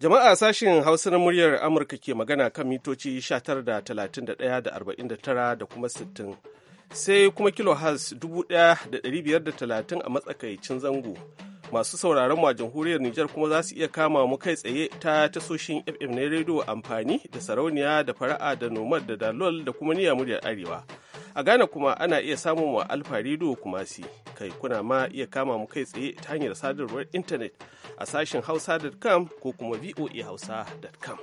Jama'a sashen Hausa na muryar Amurka ke magana kan mitoci 19 da kuma 60. Sai kuma kilohaz 1530 a matsakaicin zango. Masu sauraron mu jamhuriyar Nijar kuma za su iya kama mu kai tsaye ta tasoshin FM na rediyo amfani da sarauniya da fara'a da nomad da dalol da kuma niyyar muryar Arewa. A Ghana kuma ana iya samun wa Alfa kuma Kumasi, kai kuna ma iya kama mu kai tsaye ta hanyar sadarwar intanet a sashen hausa.com ko kuma voahausa.com.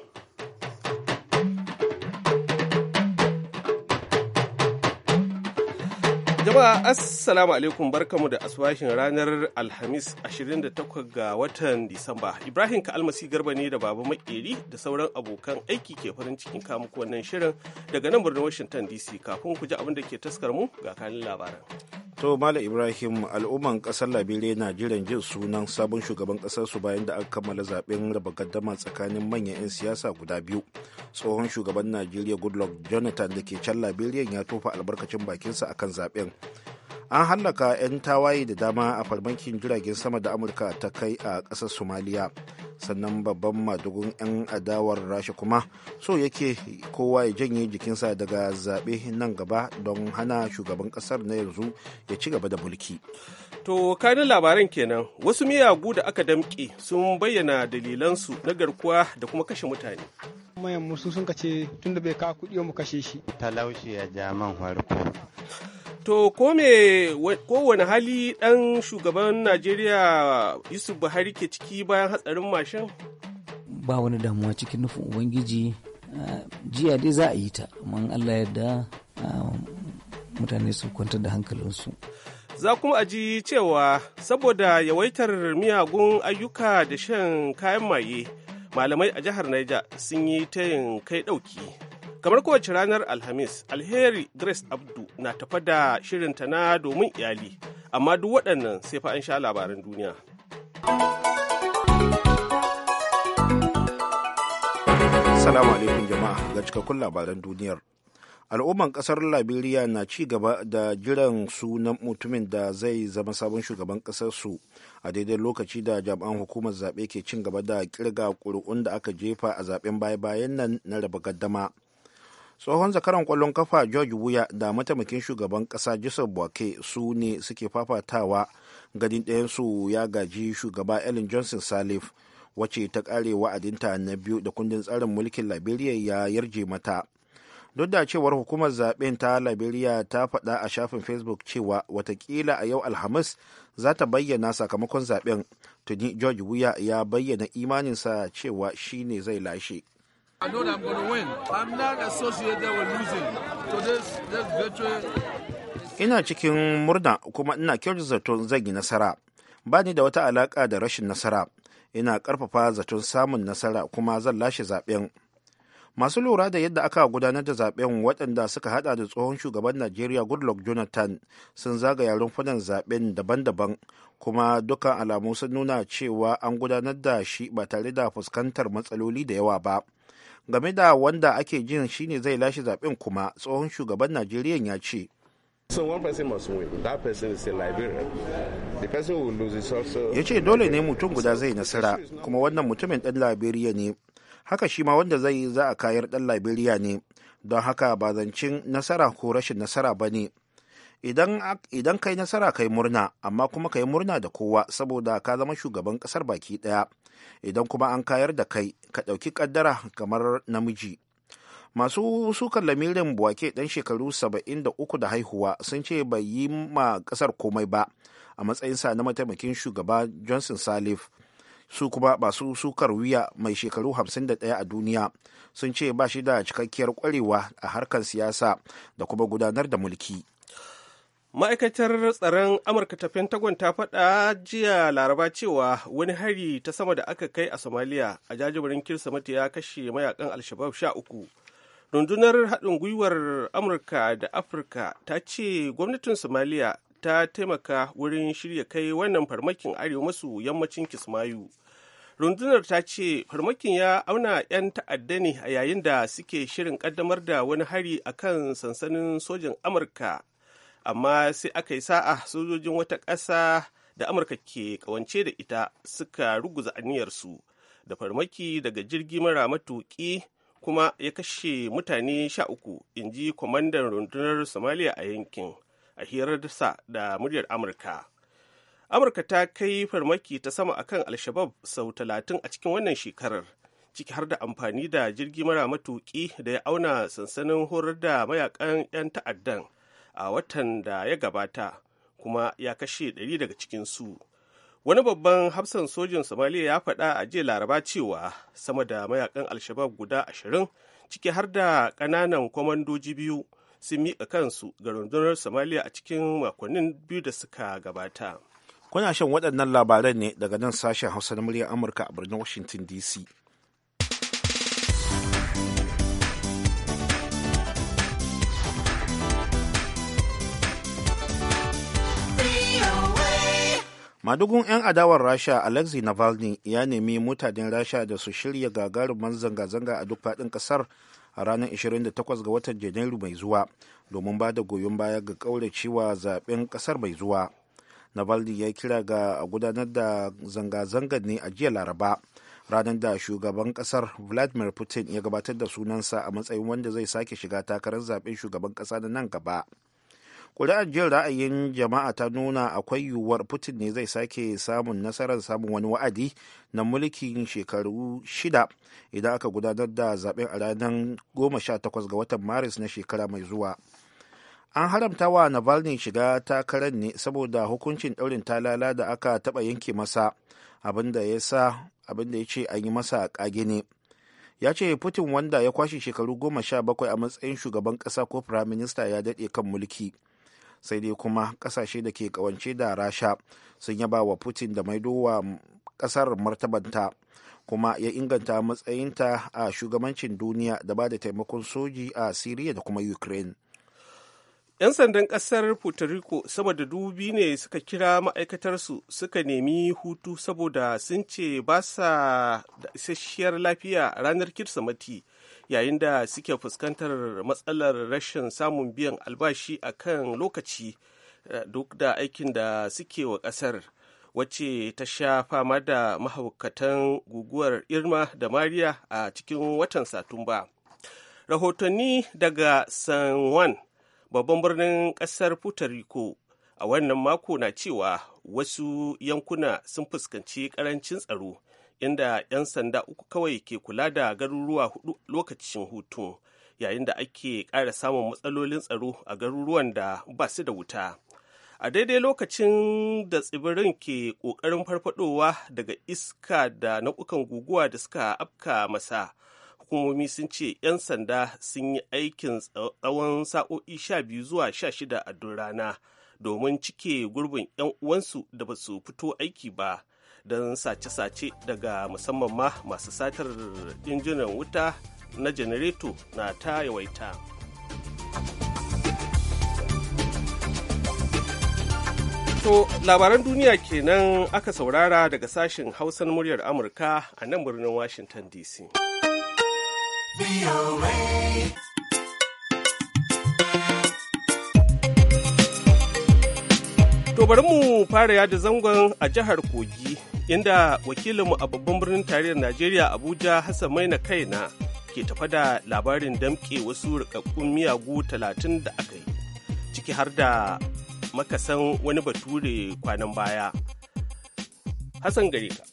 Jama'a Assalamu alaikum barkamu da asuwashin ranar Alhamis 28 ga watan Disamba. Ibrahim Kalmasi Garba ne da Baba Makeri da sauran abokan aiki ke farin cikin kamuku wannan shirin daga nan birnin Washington DC kafin ku ji abin da ke taskar mu ga kanin labaran. To Malam Ibrahim al'umman kasar Liberia na jiran jin sunan sabon shugaban kasar su bayan da aka kammala zaben raba gaddama tsakanin manyan 'yan siyasa guda biyu. Tsohon shugaban Najeriya Goodluck Jonathan da ke can Liberia ya tofa albarkacin bakinsa akan zaben. an hallaka 'yan tawaye da dama a farmakin jiragen sama da amurka ta kai a ƙasar somaliya sannan babban madugun 'yan adawar rasha kuma so yake kowa ya janye jikinsa daga zaɓe nan gaba don hana shugaban ƙasar na yanzu ya ci gaba da mulki to kanin labaran kenan wasu miyagu da aka damƙe sun bayyana dalilansu na garkuwa da kuma kashe mutane mayan musu sun kace tun da bai kawo kuɗi mu kashe shi talaushi ya farko To ko me kowane hali ɗan shugaban Najeriya Yusuf Buhari ke ciki bayan hatsarin mashin Ba wani damuwa cikin nufin Ubangiji jiya dai za a yi ta, amma Allah yadda mutane su kwantar da hankalinsu. Za kuma a ji cewa saboda yawaitar miyagun ayyuka da shan kayan maye, malamai a jihar Niger sun yi ta yin kai ɗauki. kamar kowace ranar alhamis alheri grace abdu na tafa da shirinta na domin iyali amma duk waɗannan sai fa an sha labaran duniya. Assalamu alaikum jama'a ga cikakkun labaran duniyar. Al'umman kasar Liberia na ci gaba da jiran sunan mutumin da zai zama sabon shugaban kasar a daidai lokaci da jami'an hukumar zaɓe ke cin gaba da kirga ƙuri'un da aka jefa a zaɓen baya-bayan nan na raba gaddama. tsohon zakaran kwallon kafa george wuya da mataimakin shugaban kasa joseph buake su ne suke fafatawa gadin ɗayansu ya gaji shugaba ellen johnson salif wacce ta kare wa'adinta na biyu da kundin tsarin mulkin liberia ya yarje mata duk da cewar hukumar zaben ta liberia ta faɗa a shafin facebook cewa watakila a yau alhamis za ta bayyana sakamakon zaben tuni george wuya ya bayyana imaninsa cewa shi zai lashe ina cikin murna kuma ina kyautar zaton zan yi nasara ba ni da wata alaka da rashin nasara ina ƙarfafa zaton samun nasara kuma zan lashe zaɓen. masu lura da yadda aka gudanar da zaben waɗanda suka hada da tsohon shugaban najeriya goodluck jonathan sun zagaya rumfunan zaben daban-daban kuma dukkan alamu sun nuna cewa an gudanar da shi ba tare da fuskantar matsaloli da yawa ba game da wanda ake jin shine zai lashe zaben kuma tsohon shugaban najeriya ya ce So Ya ce dole ne mutum guda zai nasara kuma wannan mutumin ɗan Liberia ne. Haka shi ma wanda zai za a kayar ɗan Liberia ne. Don haka ba zancin nasara ko rashin nasara ba ne. Idan kai nasara kai murna, amma kuma kai murna da kowa saboda ka zama shugaban kasar baki ɗaya. Idan kuma an kayar da kai, ka ɗauki ƙaddara kamar namiji. masu sukar lamirin buwake dan shekaru 73 da haihuwa sun ce bai yi ma kasar komai ba a matsayinsa na mataimakin shugaba johnson salif su kuma masu sukar wuya mai shekaru 51 a duniya sun ce ba shi da cikakkiyar kwarewa a harkar siyasa da kuma gudanar da mulki ma'aikatar tsaron amurka ta pentagon ta faɗa jiya laraba cewa wani hari ta sama da aka kai a somalia a jajibirin kirsimeti ya kashe mayakan alshabab sha uku rundunar haɗin gwiwar amurka da afirka ta ce gwamnatin somaliya ta taimaka wurin shirya kai wannan farmakin arewa masu yammacin kismayu rundunar ta ce farmakin ya auna 'yan ta'adda ne a yayin da suke shirin kaddamar da wani hari a kan sansanin sojin amurka amma sai aka yi sa'a sojojin wata ƙasa da amurka ke kawance da ita suka ruguza aniyarsu da farmaki daga jirgi mara matuƙi kuma ya kashe mutane sha uku in ji kwamandan rundunar somaliya a yankin a hirar sa da muryar amurka amurka ta kai farmaki ta sama akan alshabab sau talatin a cikin wannan shekarar ciki har da amfani da jirgi mara matuki da ya auna sansanin horar da mayakan 'yan ta'addan a watan da ya gabata kuma ya kashe ɗari daga cikinsu wani babban hafsan sojin Somalia ya faɗa a jiya laraba cewa sama da mayakan alshabab guda ashirin ciki har da ƙananan kwamandoji biyu sun miƙa kansu ga rundunar somaliya a cikin makonnin biyu da suka gabata kuna shan waɗannan labaran ne daga nan sashen hausa na muryar amurka a birnin washington dc madugun 'yan adawar rasha alexei navalny ya nemi mutanen rasha da su shirya gagarumin zanga-zanga a duk faɗin ƙasar a ranar 28 ga watan janairu mai zuwa domin ba da goyon baya ga ƙauracewa zaben ƙasar mai zuwa navalny ya kira ga gudanar da zanga-zangar ne a jiya laraba ranar da shugaban ƙasar vladimir putin ya gabatar da sunansa a matsayin wanda zai sake shiga takarar zaben shugaban ƙasa da nan gaba ƙuri'ar jin ra'ayin jama'a ta nuna akwai yiwuwar putin ne zai sake samun nasarar samun wani wa'adi na mulkin shekaru shida idan aka gudanar da zaben a ranar 18 ga watan maris na shekara mai zuwa an haramta wa navalny shiga takarar ne saboda hukuncin ɗaurin talala da aka taɓa yanke masa abinda ya abinda ya ce an yi masa ƙage ne ya ce putin wanda ya kwashe shekaru goma sha bakwai a matsayin shugaban ƙasa ko firaminista ya daɗe kan mulki sai dai kuma kasashe da ke kawance da rasha sun yaba wa putin da maido wa kasar martabanta kuma ya inganta matsayinta a shugabancin duniya da ba da taimakon soji a siriya da kuma ukraine 'Yan sandan kasar Puerto Rico sama da dubi ne suka kira ma'aikatarsu suka nemi hutu saboda sun ce ba sa da isasshiyar lafiya ranar mati. yayin da suke fuskantar matsalar rashin samun biyan albashi a kan lokaci eh, duk da aikin da suke wa ƙasar wacce ta sha fama da mahaukatan guguwar irma da mariya a cikin watan satumba rahotanni daga san juan babban birnin ƙasar puerto rico a wannan mako na cewa wasu yankuna sun fuskanci ƙarancin tsaro inda 'yan sanda uku kawai ke kula da garuruwa hudu lokacin hutu yayin da ake ƙara samun matsalolin tsaro a garuruwan da ba su da wuta a daidai lokacin da tsibirin ke ƙoƙarin farfadowa daga iska da nau'ukan guguwa da suka afka masa hukumomi sun ce 'yan sanda sun yi aikin tsawon sa'o'i sha biyu zuwa sha shida a rana domin cike gurbin 'yan uwansu da ba su fito aiki ba don sace-sace daga musamman ma masu satar injinan wuta na janareto na ta yawaita. To labaran duniya kenan aka saurara daga sashen hausan muryar Amurka a nan birnin Washington DC. To bari mu fara yada zangon a jihar Kogi inda wakilinmu a babban birnin tarayyar Najeriya Abuja Hassan Maina kaina ke tafa da labarin damke wasu rikakkun miyagu talatin da aka yi ciki har da makasan wani bature kwanan baya. Hassan gare ka.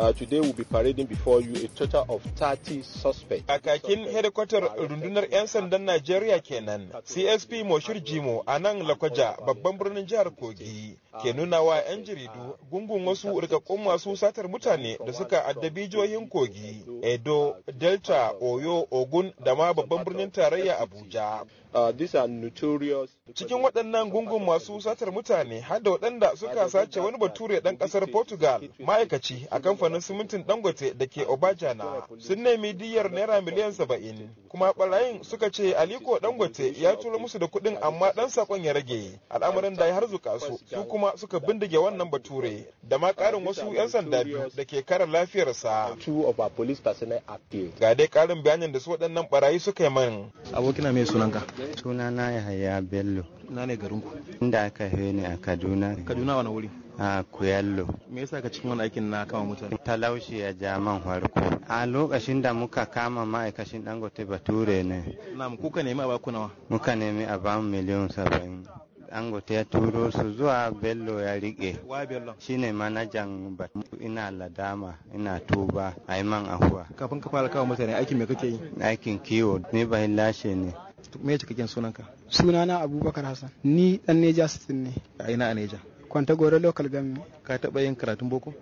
Uh, today will be parading before you a total of 30 suspects. kakin hedikwatar rundunar 'yan sandan Najeriya kenan, CSP Moshir Jimo a nan Lakwaja babban birnin jihar Kogi. ke nuna wa 'yan jaridu gungun wasu rikakkun masu satar mutane da suka addabi jihohin kogi edo delta oyo ogun da ma babban birnin tarayya abuja cikin waɗannan gungun masu satar mutane har da waɗanda suka sace wani bature ɗan ƙasar portugal ma'aikaci a kamfanin simintin dangote da ke obajana sun nemi diyar naira miliyan saba'in kuma ɓarayin suka ce aliko dangote ya tura musu da kuɗin amma ɗan sakon ya rage al'amarin da ya harzuka su su kuma kuma suka bindige wannan bature da ma karin wasu 'yan sanda biyu da ke kare lafiyarsa. Ga dai karin bayanin da su waɗannan barayi suka yi man. Abokina mai sunanka? Sunana Yahaya Bello. Na ne garinku? Inda aka ne a Kaduna. Kaduna wani wuri? a kuyallo me yasa ka cikin wani aikin na kama mutane talaushi ya ja man farko a lokacin da muka kama ma'aikacin dangote bature ne na kuka nemi a baku nawa muka nemi a bamu miliyan saba'in Dangote ya turo su zuwa Bello ya rike. Shi Bello? Shine manajan bat. Ina ladama, ina tuba, a yi man ahuwa. Kafin ka fara kawo mutane aikin me kake yi? Aikin kiwo, ni bahin lashe ne. Me cikakken sunanka? Sunana Abubakar Hassan. Ni dan Neja Sitin ne. A ina a Neja? Kwantagoro local Gami. Ka taɓa yin karatun boko?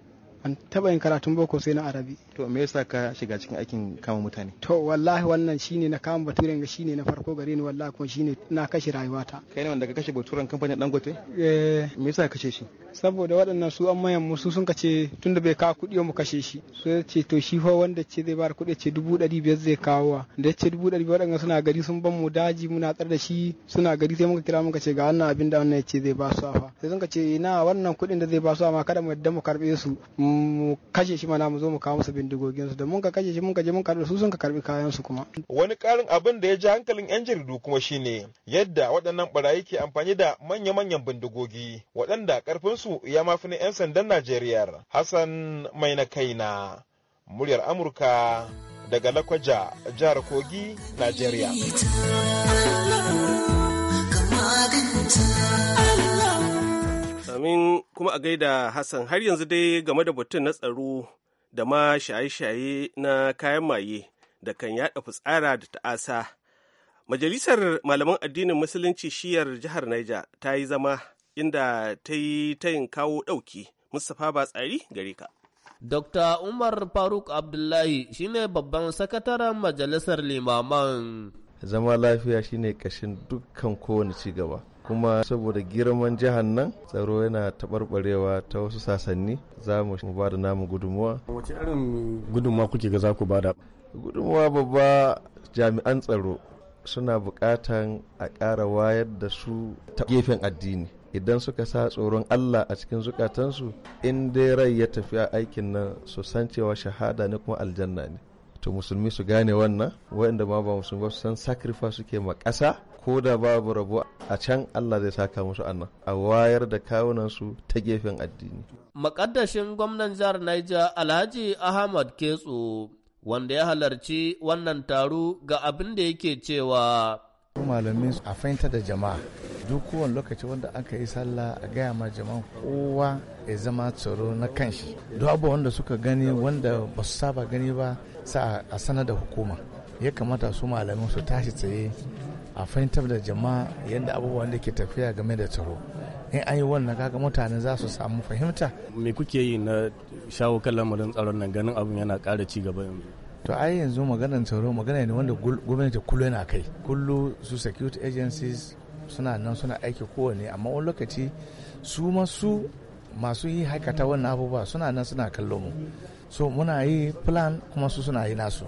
An taba yin karatun boko sai na arabi to me yasa ka shiga cikin aikin kama mutane to wallahi wannan shine na kama baturen ga shine na farko gare ni wallahi kuma shine na kashe rayuwata kai ne wanda ka kashe baturen kamfanin dangote eh me yasa ka kashe shi saboda waɗannan su an mayan musu sun kace tunda bai kawo kuɗi mu kashe shi so ya ce to shi fa wanda ce zai bar kuɗi ce dubu ɗari biyar zai kawo wa da ce dubu ɗari biyar waɗannan suna gari sun ban mu daji muna tsar da shi suna gari sai muka kira muka ce ga wannan abin da wannan ya ce zai ba su fa sai sun kace ina wannan kuɗin da zai ba su amma kada mu yadda mu karɓe su mu kashe shi mana mu zo mu kawo masa bindigogin su da mun ka kashe shi mun ka je mun karbi su sun ka karbi kayan su kuma wani karin abin da ya ji hankalin yan jaridu kuma shine yadda waɗannan barayi ke amfani da manya-manyan bindigogi waɗanda karfin su ya mafi na yan sandan Najeriya Hassan mai na kaina muryar Amurka daga Lakwaja jihar Kogi Najeriya Amin kuma a gaida Hassan har yanzu dai game da batun na tsaro da ma shaye-shaye na kayan maye da kan yada fitsara da ta'asa. Majalisar Malaman Addinin Musulunci shiyar jihar Niger ta yi zama inda ta yi tayin kawo ɗauki. Mustapha Batsari gare ka. Dr. Umar Faruk Abdullahi shine babban sakataren majalisar limaman. Zama lafiya shine kashin dukkan kowane cigaba. kuma saboda girman jihar nan tsaro yana taɓarɓarewa ta wasu sasanni za mu ba da namu gudunmuwa wace irin gudunmuwa kuke ga za ku da. gudunmuwa babba jami'an tsaro suna buƙatan a ƙara wayar da su ta gefen addini idan suka sa tsoron Allah a cikin zukatansu in dai rai ya tafi a aikin nan su san cewa shahada ne kuma aljanna ne to musulmi su gane wannan waɗanda ma ba musulmi ba su san sakrifa suke ma ƙasa ko da babu rabo a can Allah zai saka musu annan a wayar da kawunansu ta gefen addini. Makaddashin gwamnan jihar Niger Alhaji Ahmad Ketso wanda ya halarci wannan taro ga abin da yake cewa. Malamin a fahimta da jama'a duk kowane lokaci wanda aka yi sallah a gaya ma jama'a kowa ya zama tsaro na kanshi duk abubuwan wanda suka gani wanda ba su saba gani ba sa a sanar da hukuma ya kamata su malamin su tashi tsaye a fahimtar da jama'a yadda abubuwan da ke tafiya game da tsaro in an yi wannan kaga mutane za su samu fahimta me kuke yi na shawo kan lamarin tsaron nan ganin abin yana ƙara ci gaba yanzu to ai yanzu maganar tsaro magana ne wanda gwamnati kullu yana kai kullu su security agencies suna nan suna aiki kowane amma wani lokaci su masu masu yi haikata wannan abubuwa suna nan suna kallo mu so muna yi plan kuma su suna yi nasu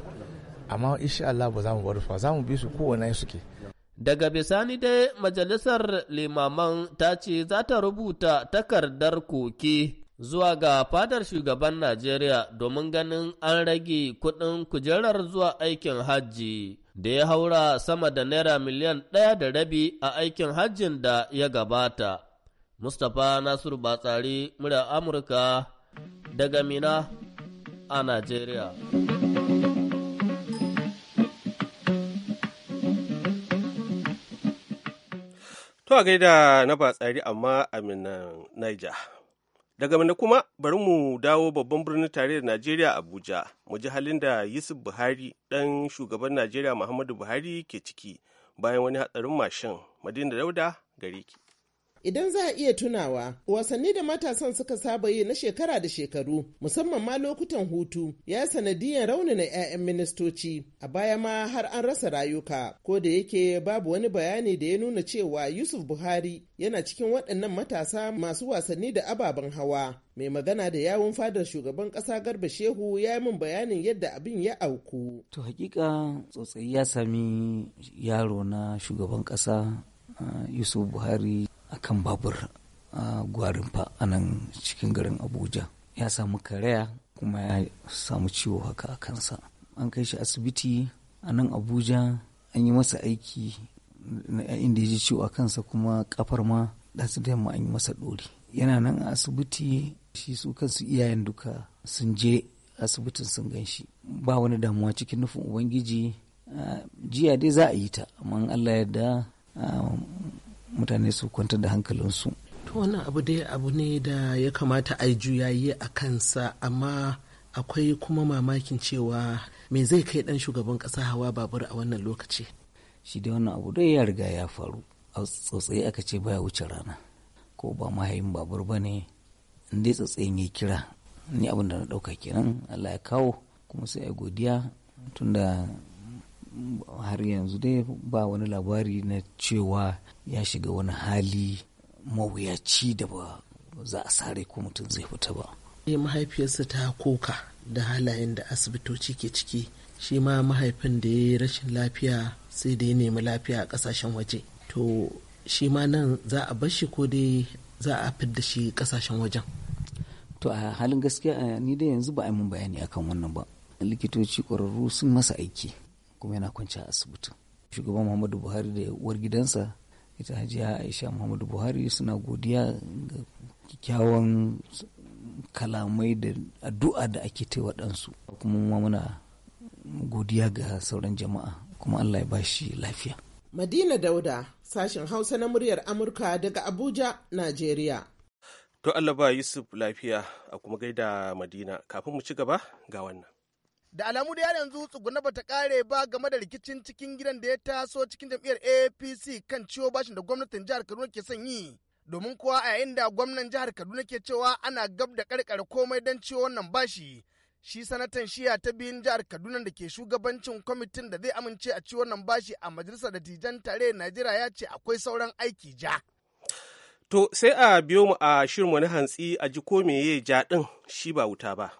amma insha Allah ba za mu bari fa za mu bi su kowane suke Daga bisani dai majalisar limaman ta ce za ta rubuta takardar koke zuwa ga fadar shugaban Najeriya domin ganin an rage kuɗin kujerar zuwa aikin hajji da ya haura sama da naira miliyan ɗaya da rabi a aikin hajjin da ya gabata. Mustapha Nasiru Batsari, murya Amurka daga Mina a Najeriya. To a gaida na ba tsari amma a minan Niger. Daga mana kuma bari mu dawo babban birnin tare da Najeriya Abuja, mu ji halin da Yusuf Buhari ɗan shugaban Najeriya Muhammadu Buhari ke ciki bayan wani hatsarin mashin Madina Dauda gare ki. Idan za a iya tunawa, wasanni da matasan suka saba yi na shekara da shekaru, musamman ma lokutan hutu, ya sanadiyan na 'ya'yan ministoci, a baya ma har an rasa rayuka, ko da yake babu wani bayani da ya nuna cewa Yusuf Buhari yana cikin waɗannan matasa masu wasanni da ababen hawa. mai magana da yawun fadar shugaban ƙasa garba shehu ya yi min bayanin yadda abin ya auku to hakika tsotsayi ya sami yaro na shugaban ƙasa ah, yusuf buhari akan babur a fa a nan cikin garin abuja ya samu karaya kuma ya samu ciwo haka a kansa an kai shi asibiti a nan abuja an yi masa aiki inda ya ji ciwo a kansa kuma kafar ma ɗansu da yamma an yi masa ɗori yana nan a asibiti shi su kansu iyayen duka sun je asibitin sun gan shi ba wani damuwa cikin nufin ubangiji jiya dai za a yi ta amma allah yarda mutane su kwantar da hankalinsu to wannan abu dai abu ne da ya kamata a yi a kansa amma akwai kuma mamakin cewa me zai kai dan shugaban kasa hawa babur a wannan lokaci shi dai wannan abu dai ya riga ya faru a tsotsaye aka ce baya wuce rana ko ba mahayin babur ba ne in dai tsotsayen ya kira ni abin da na ɗauka kenan allah ya kawo kuma sai a godiya tunda har yanzu dai ba wani labari na cewa ya shiga wani hali mawuyaci da ba za a sare ko mutum zai fita ba. Eh, mahaifiyarsa ta koka da halayen da asibitoci ke ciki shi ma mahaifin da ya yi rashin lafiya sai da ya nemi lafiya a kasashen waje to shi ma nan za a bar shi ko dai za a fidda shi kasashen wajen to a halin gaskiya ni da yanzu ba a mun bayani akan wannan ba likitoci ƙwararru sun masa aiki kuma yana kwanci a asibitin. shugaban muhammadu buhari da uwar gidansa ita hajiya aisha muhammadu buhari suna godiya ga kyakkyawan kalamai da addu'a da ake ta waɗansu kuma muna godiya ga sauran jama'a kuma allah ya ba shi lafiya madina dauda sashen hausa na muryar amurka daga abuja najeriya to allah ba yusuf lafiya a kuma gaida madina kafin mu ci gaba ga wannan da alamu da yanzu tsuguna bata kare ba game da rikicin cikin gidan da ya taso cikin jam'iyyar apc kan ciwo bashin da gwamnatin jihar kaduna ke son yi domin kuwa a yayin da gwamnan jihar kaduna ke cewa ana gab da karkare komai don ciwo wannan bashi shi sanatan shiya ta biyun jihar kaduna da ke shugabancin kwamitin da zai amince a ciwo wannan bashi a majalisar dattijan tare najeriya ya ce akwai sauran aiki ja to sai a biyo mu a shirin wani hantsi a ji ko meye ja din shi ba wuta ba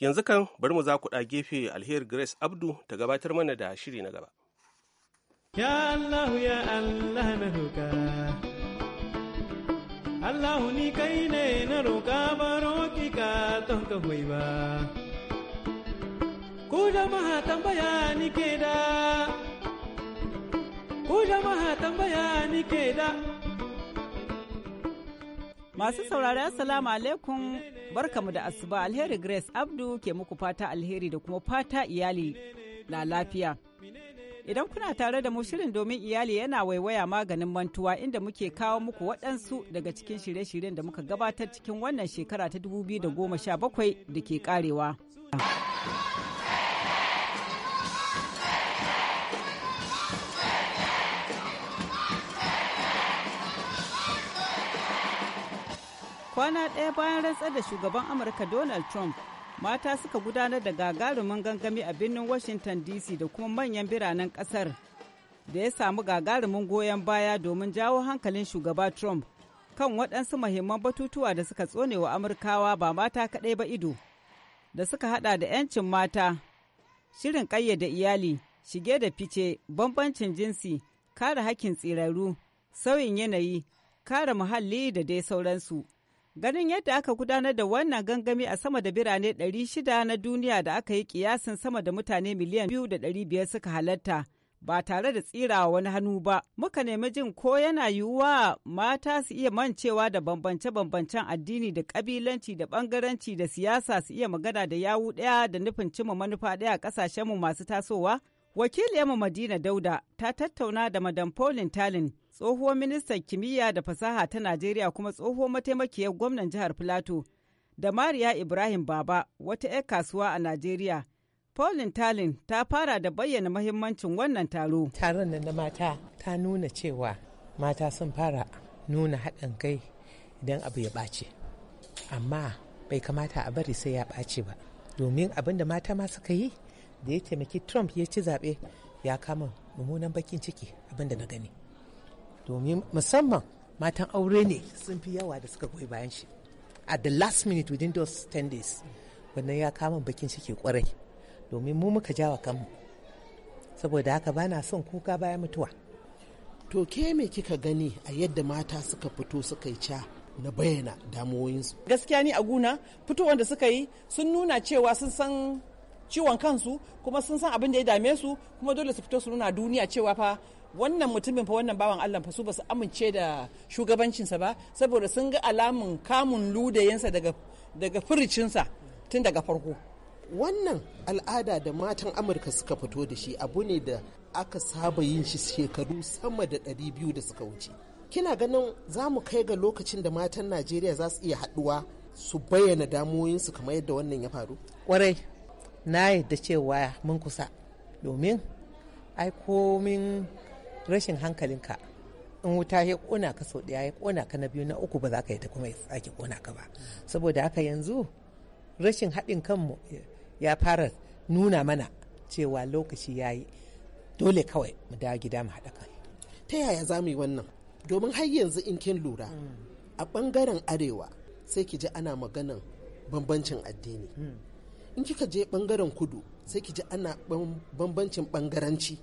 yanzu kan bari mu za ku ɗa gefe alheri grace abdu ta gabatar mana da shiri na gaba ya allah ya allah na roka allah ni kai ne na roka baro ki ka ton ka hoy ba ku jama'a tambaya ni ke da ku jama'a tambaya ni ke da Masu saurari Assalamu alaikum barkamu da asuba alheri Grace Abdu ke muku fata alheri da kuma fata iyali na lafiya. Idan kuna tare da mu shirin domin iyali yana waiwaya maganin mantuwa inda muke kawo muku waɗansu daga cikin shirye-shiryen da muka gabatar cikin wannan shekara ta 2017 da ke karewa. kwana ɗaya bayan rantsar da shugaban amurka donald trump mata suka gudanar da gagarumin gangami a birnin washington dc da kuma manyan biranen ƙasar da ya samu gagarumin goyon baya domin jawo hankalin shugaba trump kan waɗansu mahimman batutuwa da suka tsone wa amurkawa ba mata kaɗai ba ido da suka hada da 'yancin mata shirin ƙayyade iyali shige da fice bambancin jinsi kare hakkin tsirarru sauyin yanayi kare muhalli da dai sauransu Ganin yadda aka gudanar da wannan gangami a sama da birane 600 na duniya da aka yi kiyasin sama da mutane miliyan 2.500 suka halatta ba tare da tsirawa wani hannu ba. Muka nemi jin ko yana yiwuwa mata su iya mancewa da bambance-bambancen addini da kabilanci da bangaranci da siyasa su iya magana da yawu ɗaya da nufin cimma manufa ɗaya a ƙasashenmu masu tasowa. Wakil Madina Dauda ta tattauna da Madam Pauline Talin tsohuwar ministan kimiyya da fasaha ta Najeriya kuma tsohuwar mataimakiyar gwamnan jihar Filato da Mariya Ibrahim Baba wata 'yar kasuwa a Najeriya. Pauline Talin ta fara da bayyana mahimmancin wannan taro. Taron nan na mata ta nuna cewa mata sun fara nuna haɗin kai idan abu ya ɓace. Amma bai kamata a bari sai ya ɓace ba. Domin abin da mata ma suka yi da ya taimaki Trump ya ci zaɓe ya kama mummunan bakin ciki abin da na gani. domin musamman matan aure ne sun fi yawa da suka goyi bayan shi at the last minute within those 10 days wannan ya kama bakin ke kwarai domin mu muka jawa kanmu saboda haka bana son kuka bayan mutuwa to ke me kika gani a yadda mata suka fito suka yi ca na bayyana damuwoyinsu gaskiya ni a guna fitowar da suka yi sun nuna cewa sun san ciwon kansu kuma sun san abin da ya dame su kuma dole su fito su nuna duniya cewa fa wannan mutumin fa wannan bawan Allah fa su ba su amince da shugabancinsa ba saboda sun ga alamun kamun ludayensa daga daga furicinsa tun daga farko wannan al'ada da matan amurka suka fito da shi abu ne da aka saba yin shi shekaru sama da 200 da suka wuce kina ganin za mu kai ga lokacin da matan najeriya za su iya haduwa su bayyana damuwoyinsu kamar yadda wannan ya faru kwarai na yadda cewa mun kusa domin ai komin rashin hankalinka in wuta ya kona ka sau daya ya kona ka na biyu na uku ba za ka yi ta kuma ya sake kona ka ba saboda haka yanzu rashin haɗin kanmu ya fara nuna mana cewa lokaci ya yi dole kawai mu dawo gida mu haɗa kan ta yaya za mu yi wannan domin har yanzu in kin lura a bangaren arewa sai ki ji ana maganan bambancin addini hmm. in kika je bangaren kudu sai ki ji ana bambancin ɓangaranci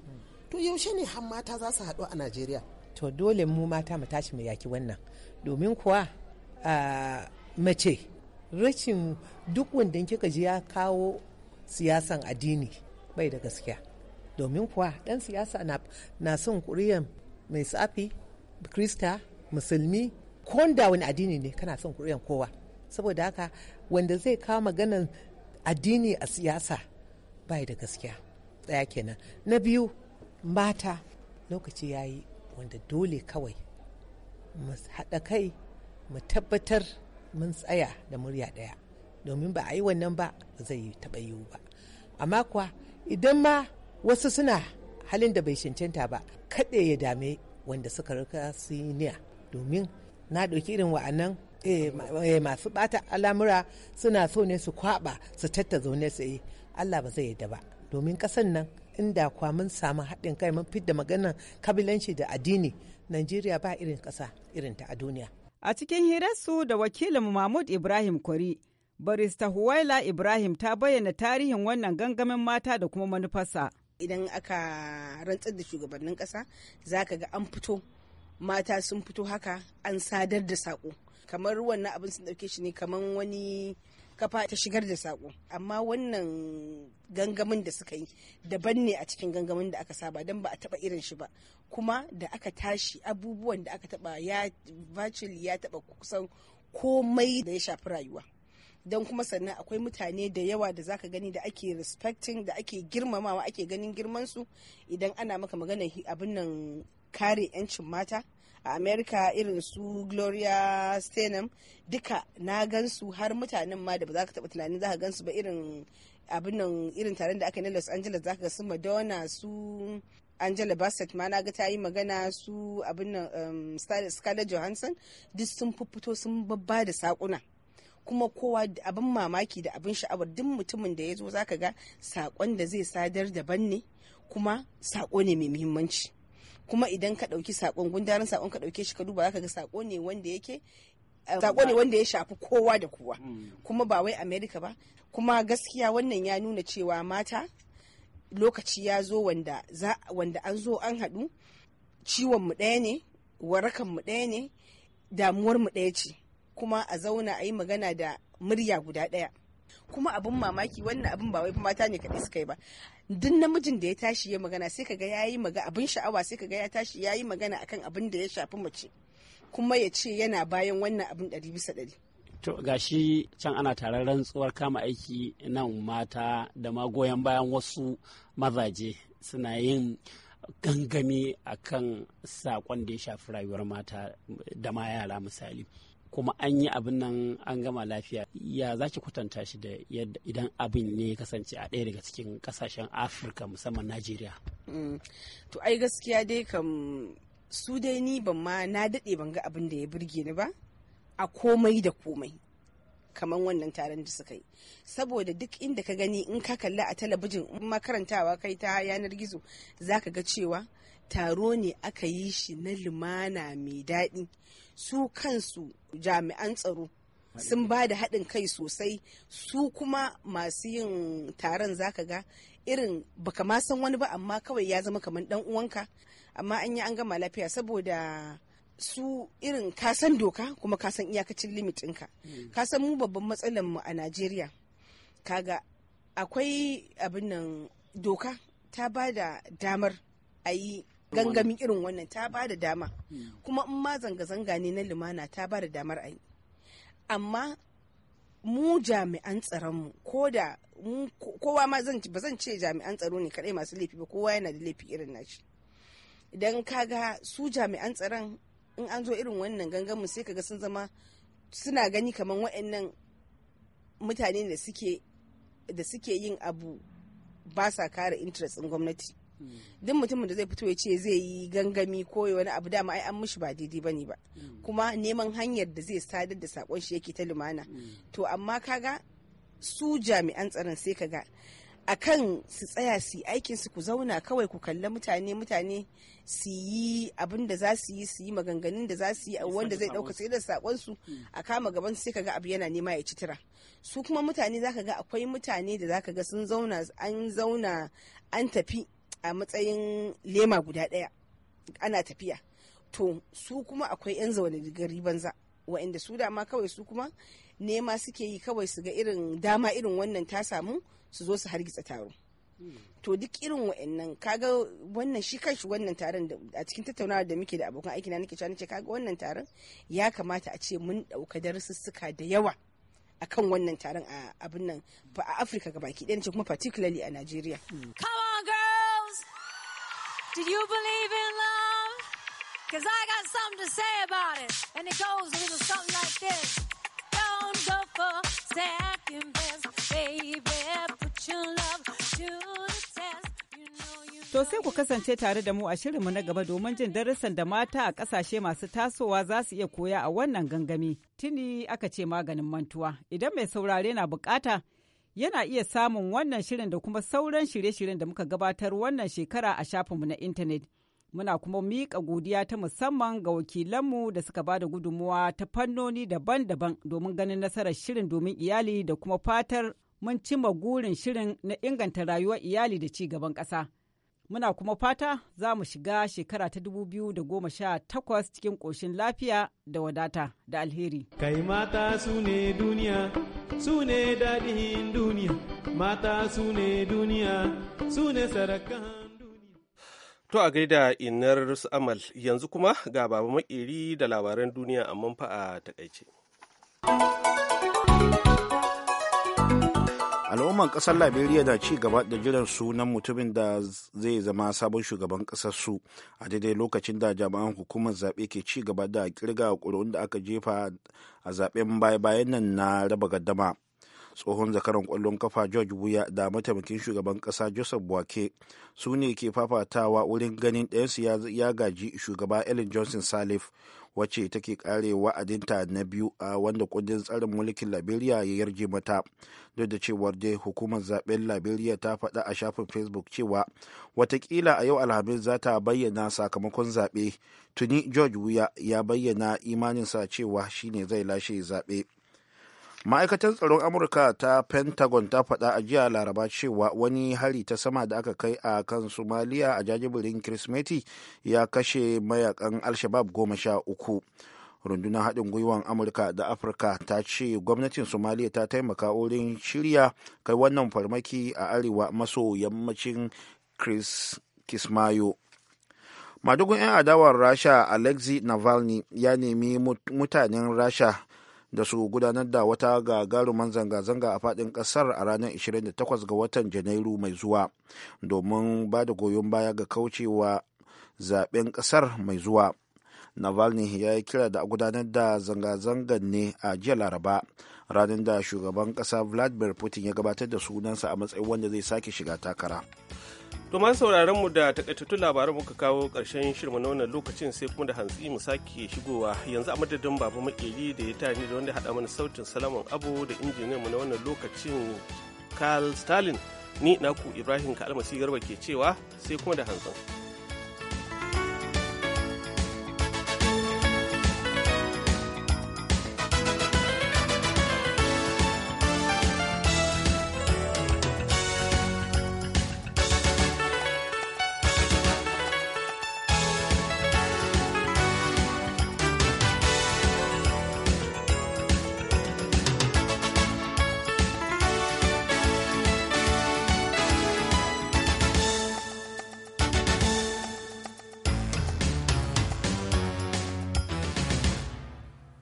to yaushe ne har mata za su haɗu a najeriya to dole mu mata mu tashi mu yaki wannan domin kuwa mace rashin duk wanda kika ji ya kawo siyasan addini bai da gaskiya domin kuwa dan siyasa na, son kuriyan mai tsafi krista musulmi ko da wani addini ne kana son kuriyan kowa saboda haka wanda zai kawo maganan addini a siyasa bai da gaskiya tsaya kenan na biyu mata lokaci ya yi wanda dole kawai mu haɗa kai mu tabbatar mun tsaya da murya ɗaya domin ba a yi wannan ba zai taɓa yiwu ba amma kuwa idan ma wasu suna halin da bai cancanta ba kaɗe ya dame wanda suka rika su yi niya domin na ɗauki irin wa'annan eh, eh, masu ɓata al'amura suna so ne su kwaɓa su ne su yi allah ba zai yarda ba domin kasan nan inda kwa mun samu haɗin kai mun fidda maganar kabilanci da addini najeriya ba irin ƙasa irin ta a duniya a cikin hirarsu da wakilin mahmud ibrahim kwari barista huwaila ibrahim ta bayyana tarihin wannan gangamin mata da kuma manufarsa idan aka rantsar da shugabannin ƙasa za ka ga an fito mata sun fito haka an sadar da saƙo kamar wannan abin sun ɗauke shi ne kamar wani kafa ta shigar da sako amma wannan gangamin da suka yi daban ne a cikin gangamin da aka saba don ba a taba irin shi ba kuma da aka tashi abubuwan da aka taba ya virtually ya taba kusan komai da ya shafi rayuwa don kuma sannan akwai mutane da yawa da zaka gani da ake respecting da ake girmamawa ake ganin girmansu idan ana maka maganar abin nan kare 'yancin mata a america irin su gloria steinem duka na gansu har mutanen ma da ba za ka taɓa tunanin za ka gansu ba irin abin nan irin taron da aka yi na los angeles za ka ga su madonna su angela bassett ma na ga ta yi magana su abin nan um, scarlett johansson duk sun fito sun babba da sakuna kuma kowa abin mamaki da abin sha'awar duk mutumin da ya zo za ka ga sakon da zai sadar daban ne kuma sako ne mai muhimmanci kuma idan ka ɗauki saƙon gundarin saƙon ka ɗauke shi ka duba zaka ga saƙo ne wanda yake saƙo ne wanda ya shafi kowa da kowa mm. kuma ba wai america ba kuma gaskiya wannan ya nuna cewa mata lokaci ya zo wanda an zo an haɗu ciwon mu ɗaya ne warakan mu ɗaya ne damuwar mu ɗaya ce kuma a zauna a yi magana da murya guda ɗaya kuma abin mamaki wannan abin ba wai mata ne kaɗai suka yi ba duk namijin da ya tashi ya magana sai kaga ya yi magana abin sha'awa sai kaga ya tashi ya yi magana akan abin da ya shafi mace kuma ya ce yana bayan wannan abin ɗari bisa ɗari. To gashi can ana taron rantsuwar kama aiki nan mata da ma goyon bayan wasu mazaje suna yin gangami akan saƙon da ya shafi rayuwar mata da ma yara misali. kuma an yi abin nan an gama lafiya ya za ki kwatanta shi da yadda idan abin ne ya kasance a ɗaya daga cikin kasashen afirka musamman najeriya mm. to ai gaskiya dai kam su dai ni ban ma na daɗe ban ga abin da ya burge ni ba a komai da komai kamar wannan taron da suka yi saboda duk inda ka gani in ka kalla a talabijin in makarantawa kai ta yanar gizo za ga cewa taro ne aka yi shi na lumana mai daɗi su kansu jami'an tsaro sun ba da haɗin kai sosai su kuma masu yin taron zaka ga irin baka ma san wani ba amma kawai ya zama kamar dan uwanka amma an yi an gama lafiya saboda su irin kasan doka kuma kasan iyakacin limit ɗinka hmm. kasan mu babban matsalar mu a najeriya kaga akwai abin nan doka ta ba da damar a yi gangamin irin wannan ta ba da dama hmm. kuma in ma zanga-zanga ne na lumana ta ba da damar a yi amma mu jami'an tsaronmu ko da kowa ma zan ba zan ce jami'an tsaro ne kadai masu laifi ba kowa yana da laifi irin nashi idan kaga su jami'an tsaron in an zo irin wannan gangamin sai ga sun zama suna gani kamar waɗannan mutane da suke da suke yin abu ba sa kare interest in gwamnati duk mutumin da zai fito ya ce zai yi gangami ko wani abu dama ai an mushi ba daidai ne ba kuma neman hanyar da zai sadar da sakon shi yake ta lumana to amma kaga su jami'an tsaron sai kaga kan su tsaya su aikin su ku zauna kawai ku kalla mutane mutane su yi abin da za su yi su yi maganganun da za su yi wanda zai dauka sai da sakon su a kama gaban sai kaga abu yana nema ya ci tira su kuma mutane za ka ga akwai mutane da za ka ga sun zauna an zauna an tafi a matsayin lema guda ɗaya ana tafiya to su kuma akwai 'yan zaune gari banza wa'inda su dama kawai su kuma nema suke yi kawai su ga irin dama irin wannan ta samu su zo su hargitsa taro to duk irin wa'annan kaga wannan shi kanshi wannan taron a cikin tattaunawa da muke da abokan aiki na nake cewa kaga wannan taron ya kamata a ce mun dauka darussuka da yawa akan wannan taron a abin nan a Afirka gabaki ɗaya ce kuma particularly a Najeriya. Kawa Did you believe in love? Cause I got something to say about it. And it goes a little something like this. Don't go for second best, baby. Put your love to the test. To sai ku kasance tare da mu a shirinmu na gaba domin jin darussan da mata a kasashe masu tasowa za su iya koya a wannan gangami. Tuni aka ce maganin mantuwa. Idan mai saurare na bukata yana iya samun wannan shirin da kuma sauran shirye-shiryen da muka gabatar wannan shekara a shafinmu na intanet. Muna kuma miƙa godiya ta musamman ga wakilanmu da suka ba da gudunmuwa ta fannoni daban-daban domin ganin nasarar shirin domin iyali da kuma fatar mun cimma gurin shirin na inganta rayuwar iyali da ci gaban ƙasa. Muna kuma fata za mu shiga shekara ta 2018 cikin ƙoshin lafiya da wadata da alheri. Kai mata su ne duniya, su ne daɗin duniya, mata su ne duniya, su ne sarakan To a gaida inar su amal yanzu kuma ga baba makeri da labaran duniya amma fa a takaice. al'umman kasar liberia na ci gaba da jiran sunan mutumin da zai zama sabon shugaban kasar su a daidai lokacin da jami'an hukumar zaɓe ke ci gaba da kirga ƙuri'un da aka jefa a zaɓen baya-bayan nan na raba gaddama tsohon zakaran kwallon kafa george buya da mataimakin shugaban kasa joseph buake su ne ke fafatawa wurin ganin ɗayansu ya gaji shugaba ellen johnson salif wacce take kare wa'adinta na biyu a wanda kundin tsarin mulkin liberia ya yarje mata duk da cewar dai hukumar zaben liberia ta faɗa a shafin facebook cewa watakila a yau alhamis za ta bayyana sakamakon zaɓe tuni george wuya ya bayyana imanin sa cewa shine zai lashe zaɓe ma'aikatan tsaron amurka ta pentagon ta faɗa a jiya laraba cewa wani hari ta sama da aka kai a kan somaliya a jajibirin kirsimeti ya kashe mayakan alshabab goma sha uku rundunar haɗin gwiwan amurka da afirka ta ce gwamnatin somaliya ta taimaka wurin shirya kai wannan farmaki a arewa maso yammacin kismayo madugun 'yan adawar rasha alexei navalny ya nemi mutanen rasha da su gudanar da wata gagaruman zanga-zanga a fadin kasar a ranar 28 ga watan janairu mai zuwa domin ba da goyon baya ga kaucewa zaben kasar mai zuwa navalny ya yi kira da gudanar da zanga-zangan ne a jiya laraba ranar da shugaban ƙasa vladimir putin ya gabatar da sunansa a matsayin wanda zai sake shiga takara Domin sauraron mu da takaitattun labaran muka kawo karshen shirma na wannan lokacin sai kuma da hantsi mu sake shigowa yanzu a madadin babu makeri da ya tare da wanda haɗa mana sautin salaman abu da injiniyan mu na wannan lokacin karl Stalin ni naku Ibrahim Kalmasi Garba ke cewa sai kuma da hantsi.